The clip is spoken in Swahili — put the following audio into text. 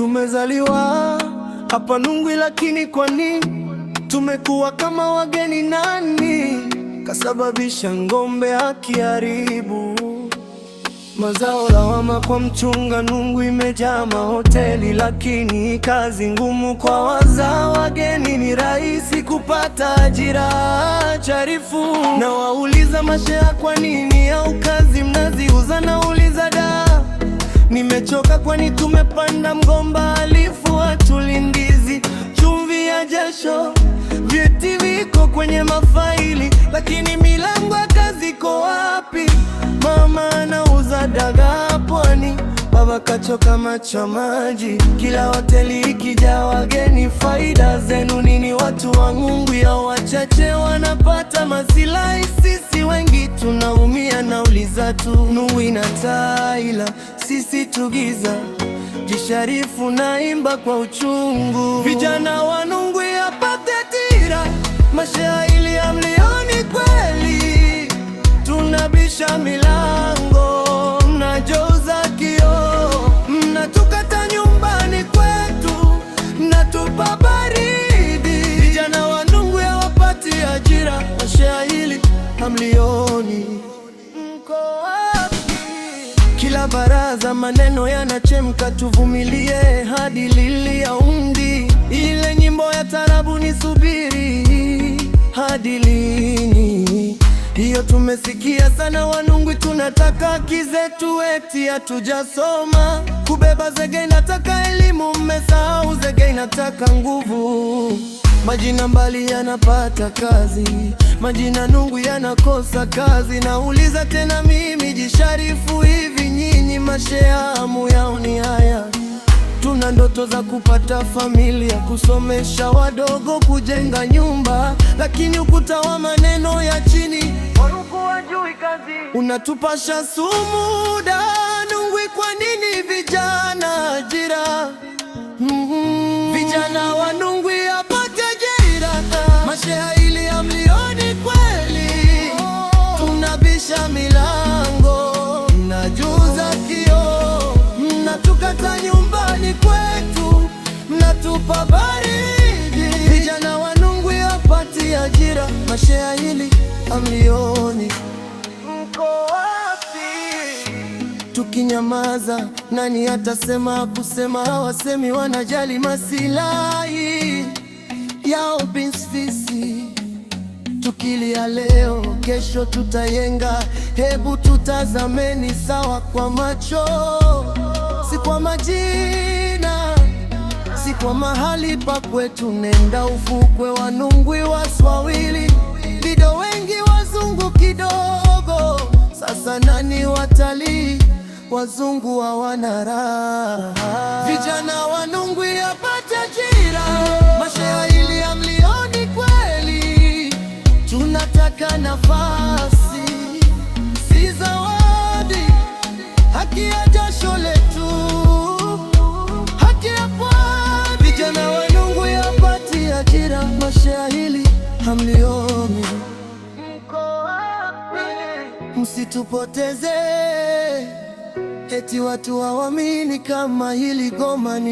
Tumezaliwa hapa Nungwi, lakini kwa nini tumekuwa kama wageni? Nani kasababisha ng'ombe akiharibu mazao? Lawama kwa mchunga. Nungwi imejaa mahoteli, lakini kazi ngumu kwa wazao wageni. Ni rahisi kupata ajira charifu, na wauliza kwa nini au kazi mnaziuza? Nauliza Nimechoka kwani tumepanda mgomba, alifu hatulindizi, chumvi ya jasho, vyeti viko kwenye mafaili, lakini milango ya kazi iko wapi? Mama anauza dagaa pwani, baba kachoka macho maji, kila hoteli ikija wageni. Faida zenu nini? Watu wangungu ya wachache wanapata masilahi? nauliza tu nui na taila sisi tugiza jisharifu naimba kwa uchungu vijana wanungwi apate tira mashaili ya mlioni kweli tunabisha milango Kila baraza maneno yanachemka, tuvumilie hadi lili ya undi Ile nyimbo ya tarabu subiri hadi lini? Hiyo tumesikia sana, Wanungwi tunataka kizetu eti hatujasoma kubeba zege. Inataka elimu, mmesahau zege inataka nguvu. Majina mbali yanapata kazi, majina Nungwi yanakosa kazi. Nauliza tena mimi Maisha hamu yao ni haya, tuna ndoto za kupata familia, kusomesha wadogo, kujenga nyumba, lakini ukuta wa maneno ya chini unatupasha sumu nungwi Kwa nini vijana ajira? mm -hmm. vijana kwetu mnatupa baridi. Vijana wa Nungwi hawapati ajira, mashea hili amlioni Mko wapi? Tukinyamaza nani atasema? Kusema hawasemi, wanajali masilahi yao binafsi. Tukilia leo, kesho tutayenga. Hebu tutazameni sawa kwa macho si kwa majina, si kwa mahali pa kwetu. Nenda ufukwe wa Nungwi, wa Swahili wengi wazungu kidogo. Sasa nani watalii? Wazungu hawana raha, vijana wa Nungwi apate ajira. Mashairi ya mlioni kweli, tunataka nafasi hamlioni, msitupoteze eti watu hawamini kama hili Goma ni